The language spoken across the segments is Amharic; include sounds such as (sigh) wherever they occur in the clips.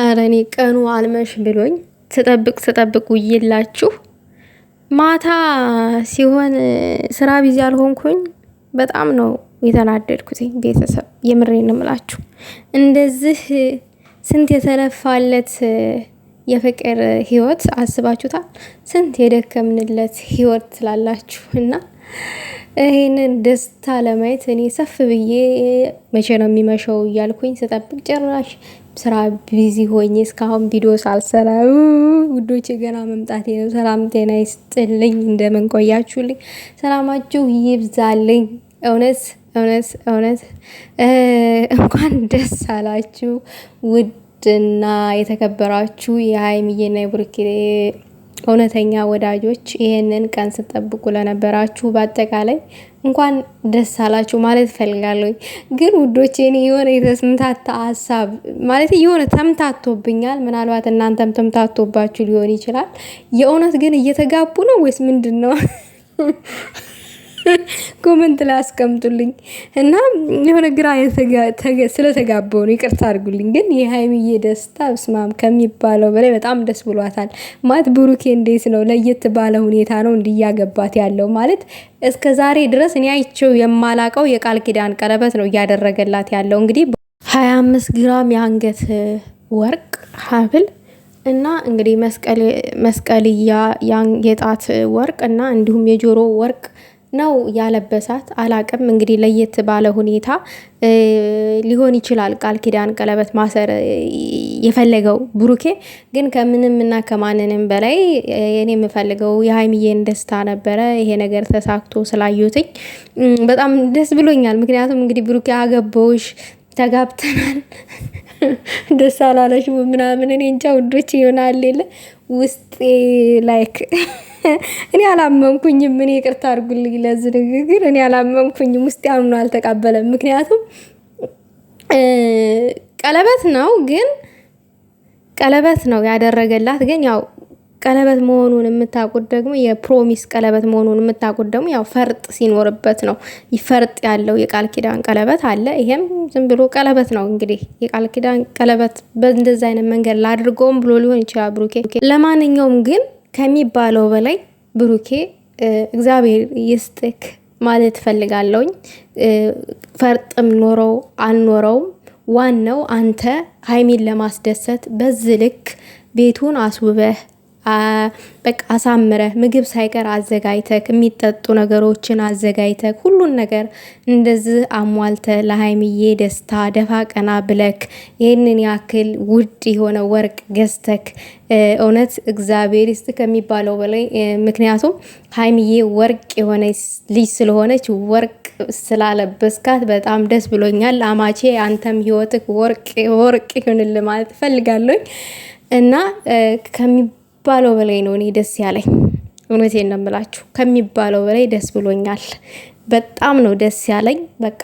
ኧረ እኔ ቀኑ አልመሽ ብሎኝ ስጠብቅ ስጠብቅ ውዬላችሁ ማታ ሲሆን ስራ ቢዚ አልሆንኩኝ። በጣም ነው የተናደድኩት ቤተሰብ፣ የምሬን እምላችሁ እንደዚህ ስንት የተለፋለት የፍቅር ህይወት አስባችሁታል? ስንት የደከምንለት ህይወት ትላላችሁ እና ይህንን ደስታ ለማየት እኔ ሰፍ ብዬ መቼ ነው የሚመሸው እያልኩኝ ስጠብቅ ጭራሽ ስራ ቢዚ ሆኜ እስካሁን ቪዲዮ ሳልሰራ ውዶቼ ገና መምጣቴ ነው። ሰላም ጤና ይስጥልኝ፣ እንደምን ቆያችሁልኝ? ሰላማችሁ ይብዛልኝ። እውነት እውነት እውነት እንኳን ደስ አላችሁ ውድና የተከበራችሁ የሀይሚዬና የቡርኬ እውነተኛ ወዳጆች ይህንን ቀን ስጠብቁ ለነበራችሁ በአጠቃላይ እንኳን ደስ አላችሁ ማለት እፈልጋለሁ። ግን ውዶቼ እኔ የሆነ የተምታታ ሀሳብ ማለት የሆነ ተምታቶብኛል። ምናልባት እናንተም ተምታቶባችሁ ሊሆን ይችላል። የእውነት ግን እየተጋቡ ነው ወይስ ምንድን ነው? (laughs) ኮመንት ላይ አስቀምጡልኝ እና የሆነ ግራ ስለተጋባው ነው ይቅርታ አድርጉልኝ። ግን የሀይሚዬ ደስታ እስማም ከሚባለው በላይ በጣም ደስ ብሏታል። ማለት ብሩኬ እንዴት ነው ለየት ባለ ሁኔታ ነው እንዲያገባት ያለው ማለት እስከ ዛሬ ድረስ እኔ አይቼው የማላቀው የቃል ኪዳን ቀለበት ነው እያደረገላት ያለው እንግዲህ ሀያ አምስት ግራም የአንገት ወርቅ ሀብል እና እንግዲህ መስቀልያ የጣት ወርቅ እና እንዲሁም የጆሮ ወርቅ ነው ያለበሳት አላቅም። እንግዲህ ለየት ባለ ሁኔታ ሊሆን ይችላል ቃል ኪዳን ቀለበት ማሰር የፈለገው ብሩኬ። ግን ከምንም እና ከማንንም በላይ እኔ የምፈልገው የሀይሚዬን ደስታ ነበረ። ይሄ ነገር ተሳክቶ ስላዩትኝ በጣም ደስ ብሎኛል። ምክንያቱም እንግዲህ ብሩኬ አገባውሽ ተጋብተናል (laughs) ደስ አላለሽ ምናምን እኔ እንጃ ውዶች ይሆናል የለ ውስጤ ላይክ (laughs) እኔ አላመንኩኝም። እኔ ይቅርታ አድርጉልኝ ለዚ ንግግር እኔ አላመንኩኝም። ውስጤ አምኖ አልተቀበለም። ምክንያቱም ቀለበት ነው ግን ቀለበት ነው ያደረገላት ግን ያው ቀለበት መሆኑን የምታውቁት ደግሞ የፕሮሚስ ቀለበት መሆኑን የምታውቁት ደግሞ ያው ፈርጥ ሲኖርበት ነው። ፈርጥ ያለው የቃል ኪዳን ቀለበት አለ። ይሄም ዝም ብሎ ቀለበት ነው። እንግዲህ የቃል ኪዳን ቀለበት በእንደዚ አይነት መንገድ ላድርገውም ብሎ ሊሆን ይችላል ብሩኬ። ለማንኛውም ግን ከሚባለው በላይ ብሩኬ እግዚአብሔር ይስጥክ ማለት ፈልጋለውኝ። ፈርጥም ኖረው አልኖረውም ዋናው አንተ ሀይሚን ለማስደሰት በዝ ልክ ቤቱን አስውበህ በቃ አሳምረህ ምግብ ሳይቀር አዘጋጅተህ የሚጠጡ ነገሮችን አዘጋጅተህ ሁሉን ነገር እንደዚህ አሟልተ ለሀይሚዬ ደስታ ደፋ ቀና ብለክ ይህንን ያክል ውድ የሆነ ወርቅ ገዝተክ እውነት እግዚአብሔር ይስጥ ከሚባለው በላይ ምክንያቱም ሀይሚዬ ወርቅ የሆነ ልጅ ስለሆነች ወርቅ ስላለበስካት በጣም ደስ ብሎኛል። አማቼ አንተም ህይወትክ ወርቅ ወርቅ ይሁንል ማለት እፈልጋለሁ እና ከሚባለው በላይ ነው እኔ ደስ ያለኝ። እውነቴን ነው የምላችሁ፣ ከሚባለው በላይ ደስ ብሎኛል። በጣም ነው ደስ ያለኝ። በቃ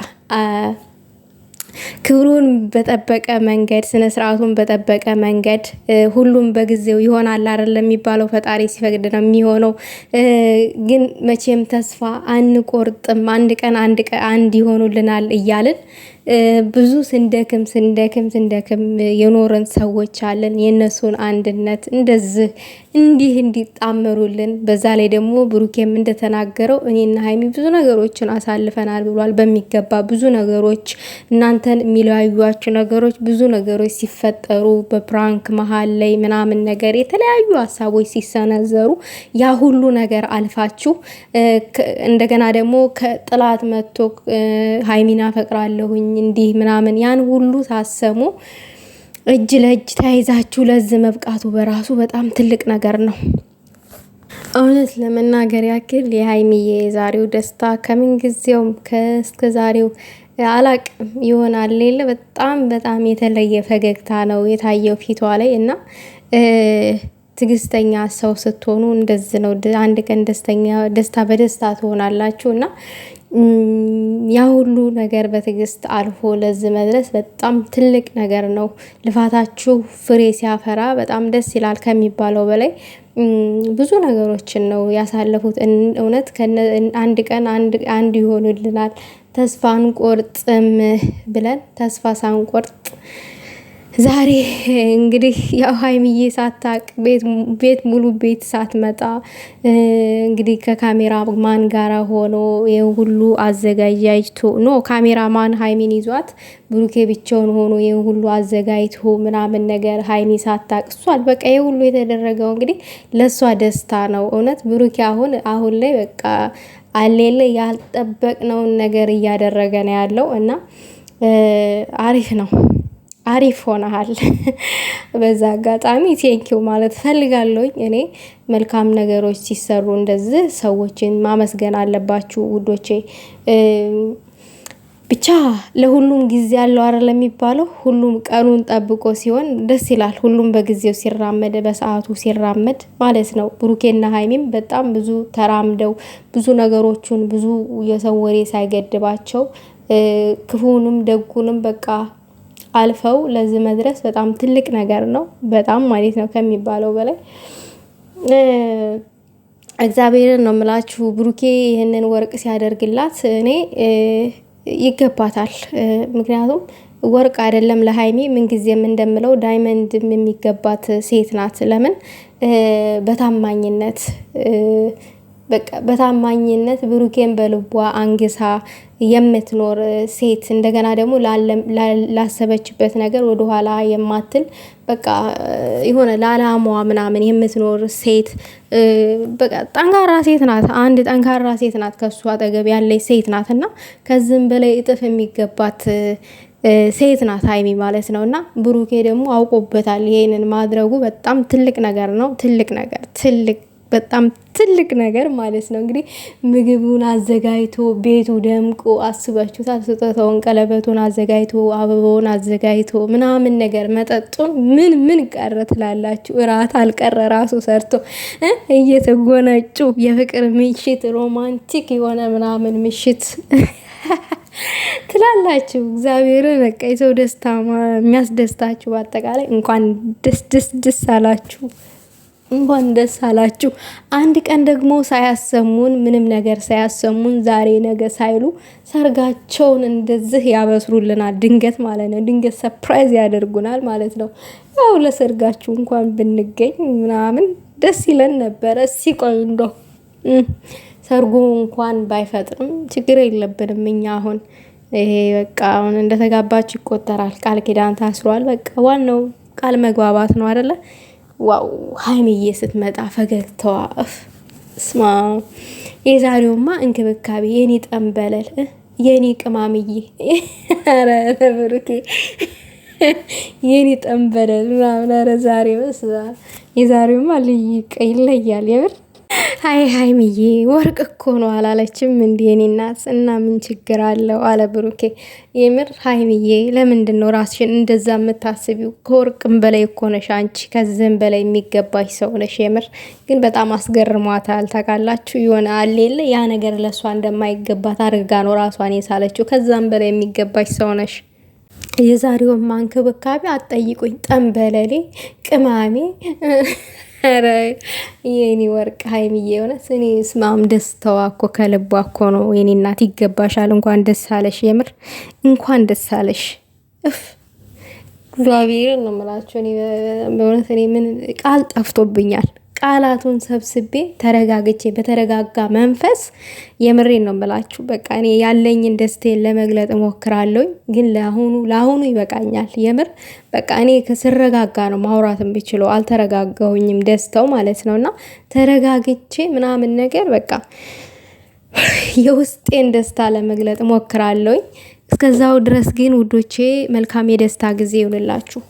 ክብሩን በጠበቀ መንገድ ስነ ስርዓቱን በጠበቀ መንገድ ሁሉም በጊዜው ይሆናል አይደለም የሚባለው። ፈጣሪ ሲፈቅድ ነው የሚሆነው። ግን መቼም ተስፋ አንቆርጥም። አንድ ቀን አንድ ቀን አንድ ይሆኑልናል እያልን ብዙ ስንደክም ስንደክም ስንደክም የኖረን ሰዎች አለን። የእነሱን አንድነት እንደዚህ እንዲህ እንዲጣመሩልን በዛ ላይ ደግሞ ብሩኬም እንደተናገረው እኔና ሀይሚ ብዙ ነገሮችን አሳልፈናል ብሏል። በሚገባ ብዙ ነገሮች እናንተን የሚለያዩቸው ነገሮች ብዙ ነገሮች ሲፈጠሩ በፕራንክ መሀል ላይ ምናምን ነገር የተለያዩ ሀሳቦች ሲሰነዘሩ ያ ሁሉ ነገር አልፋችሁ እንደገና ደግሞ ከጥላት መጥቶ ሀይሚና ፈቅራለሁኝ እንዲህ ምናምን ያን ሁሉ ታሰሙ እጅ ለእጅ ተያይዛችሁ ለዚህ መብቃቱ በራሱ በጣም ትልቅ ነገር ነው። እውነት ለመናገር ያክል የሀይሚዬ የዛሬው ደስታ ከምንጊዜውም ከእስከ ዛሬው አላቅ ይሆናል ሌለ በጣም በጣም የተለየ ፈገግታ ነው የታየው ፊቷ ላይ እና ትግስተኛ ሰው ስትሆኑ እንደዚህ ነው። አንድ ቀን ደስተኛ ደስታ በደስታ ትሆናላችሁ እና ያ ሁሉ ነገር በትዕግስት አልፎ ለዚህ መድረስ በጣም ትልቅ ነገር ነው። ልፋታችሁ ፍሬ ሲያፈራ በጣም ደስ ይላል ከሚባለው በላይ ብዙ ነገሮችን ነው ያሳለፉት። እውነት አንድ ቀን አንድ ይሆኑልናል ተስፋ አንቆርጥም ብለን ተስፋ ሳንቆርጥ ዛሬ እንግዲህ ያው ሀይሚዬ ሳታቅ ቤት ሙሉ ቤት ሳትመጣ እንግዲህ ከካሜራ ማን ጋራ ሆኖ ይህ ሁሉ አዘጋጃጅቶ ኖ ካሜራ ማን ሀይሚን ይዟት ብሩኬ ብቻውን ሆኖ ይህ ሁሉ አዘጋጅቶ ምናምን ነገር ሀይሚ ሳታቅ እሷን በቃ ይህ ሁሉ የተደረገው እንግዲህ ለእሷ ደስታ ነው። እውነት ብሩኬ አሁን አሁን ላይ በቃ አሌለ ያልጠበቅነውን ነገር እያደረገ ነው ያለው እና አሪፍ ነው። አሪፍ ሆነሃል። (laughs) በዛ አጋጣሚ ቴንኪው ማለት ፈልጋለኝ። እኔ መልካም ነገሮች ሲሰሩ እንደዚህ ሰዎችን ማመስገን አለባችሁ ውዶቼ። ብቻ ለሁሉም ጊዜ አለው አይደል የሚባለው። ሁሉም ቀኑን ጠብቆ ሲሆን ደስ ይላል። ሁሉም በጊዜው ሲራመድ፣ በሰዓቱ ሲራመድ ማለት ነው። ብሩኬና ሀይሚም በጣም ብዙ ተራምደው ብዙ ነገሮቹን ብዙ የሰው ወሬ ሳይገድባቸው ክፉንም ደጉንም በቃ አልፈው ለዚህ መድረስ በጣም ትልቅ ነገር ነው። በጣም ማለት ነው ከሚባለው በላይ እግዚአብሔርን ነው የምላችሁ። ብሩኬ ይህንን ወርቅ ሲያደርግላት እኔ ይገባታል። ምክንያቱም ወርቅ አይደለም ለሀይሚ ምንጊዜም እንደምለው ዳይመንድም የሚገባት ሴት ናት። ለምን በታማኝነት በቃ በታማኝነት ብሩኬን በልቧ አንግሳ የምትኖር ሴት እንደገና ደግሞ ላሰበችበት ነገር ወደኋላ የማትል በቃ የሆነ ላላሟ ምናምን የምትኖር ሴት በቃ ጠንካራ ሴት ናት። አንድ ጠንካራ ሴት ናት፣ ከሱ አጠገብ ያለች ሴት ናት እና ከዚህም በላይ እጥፍ የሚገባት ሴት ናት ሀይሚ ማለት ነው። እና ብሩኬ ደግሞ አውቆበታል። ይሄንን ማድረጉ በጣም ትልቅ ነገር ነው። ትልቅ ነገር ትልቅ በጣም ትልቅ ነገር ማለት ነው። እንግዲህ ምግቡን አዘጋጅቶ ቤቱ ደምቆ አስባችሁታል። ስጦታውን፣ ቀለበቱን አዘጋጅቶ አበባውን አዘጋጅቶ ምናምን ነገር መጠጡን ምን ምን ቀረ ትላላችሁ? እራት አልቀረ ራሱ ሰርቶ እየተጎነጩ የፍቅር ምሽት ሮማንቲክ የሆነ ምናምን ምሽት (laughs) ትላላችሁ። እግዚአብሔር በቃ የሰው ደስታ የሚያስደስታችሁ በአጠቃላይ እንኳን ደስ ደስ ደስ አላችሁ። እንኳን ደስ አላችሁ። አንድ ቀን ደግሞ ሳያሰሙን ምንም ነገር ሳያሰሙን ዛሬ ነገ ሳይሉ ሰርጋቸውን እንደዚህ ያበስሩልናል። ድንገት ማለት ነው። ድንገት ሰፕራይዝ ያደርጉናል ማለት ነው። ያው ለሰርጋችሁ እንኳን ብንገኝ ምናምን ደስ ይለን ነበረ። ሲቆይ እንዶ ሰርጉ እንኳን ባይፈጥርም ችግር የለብንም እኛ አሁን ይሄ በቃ አሁን እንደተጋባችሁ ይቆጠራል። ቃል ኪዳን ታስሯል። በቃ ዋናው ቃል መግባባት ነው አይደለ? ዋው ሀይሚዬ ስትመጣ ፈገግታዋ ስማ፣ የዛሬውማ እንክብካቤ፣ የኔ ጠንበለል፣ የኔ ቅማምዬ፣ ኧረ (laughs) ብሩኬ፣ (laughs) የኔ ጠንበለል ምናምን፣ ኧረ ዛሬ የዛሬውማ ልይቅ ይለያል የብር አይ ሀይሚዬ ወርቅ እኮ ነው አላለችም? እንዲ እኔ እናት እና ምን ችግር አለው አለ ብሩኬ። የምር ሀይሚዬ ለምንድን ነው ራስሽን እንደዛ የምታስቢው? ከወርቅም በላይ እኮ ነሽ አንቺ፣ ከዚህም በላይ የሚገባሽ ሰው ነሽ። የምር ግን በጣም አስገርሟታል። ታውቃላችሁ የሆነ አሌለ ያ ነገር ለእሷ እንደማይገባት አድርጋ ነው ራሷን የሳለችው። ከዛም በላይ የሚገባሽ ሰው ነሽ። የዛሬውን ማንክብካቤ አትጠይቁኝ። ጠንበለሌ ቅማሜ ኧረ የኔ ወርቅ ሀይሚዬ የሆነት እኔ ስማም ደስታዋ እኮ ከልቧ እኮ ነው። የኔ እናት ይገባሻል። እንኳን ደስ አለሽ፣ የምር እንኳን ደስ አለሽ። እፍ እግዚአብሔርን ነው የምላቸው። በእውነት እኔ ምን ቃል ጠፍቶብኛል። ቃላቱን ሰብስቤ ተረጋግቼ በተረጋጋ መንፈስ የምሬን ነው የምላችሁ። በቃ እኔ ያለኝን ደስቴን ለመግለጥ እሞክራለሁኝ፣ ግን ለአሁኑ ለአሁኑ ይበቃኛል። የምር በቃ እኔ ከስረጋጋ ነው ማውራት የምችለው። አልተረጋጋሁኝም፣ ደስተው ማለት ነው። እና ተረጋግቼ ምናምን ነገር በቃ የውስጤን ደስታ ለመግለጥ እሞክራለሁኝ። እስከዛው ድረስ ግን ውዶቼ መልካም የደስታ ጊዜ ይሁንላችሁ።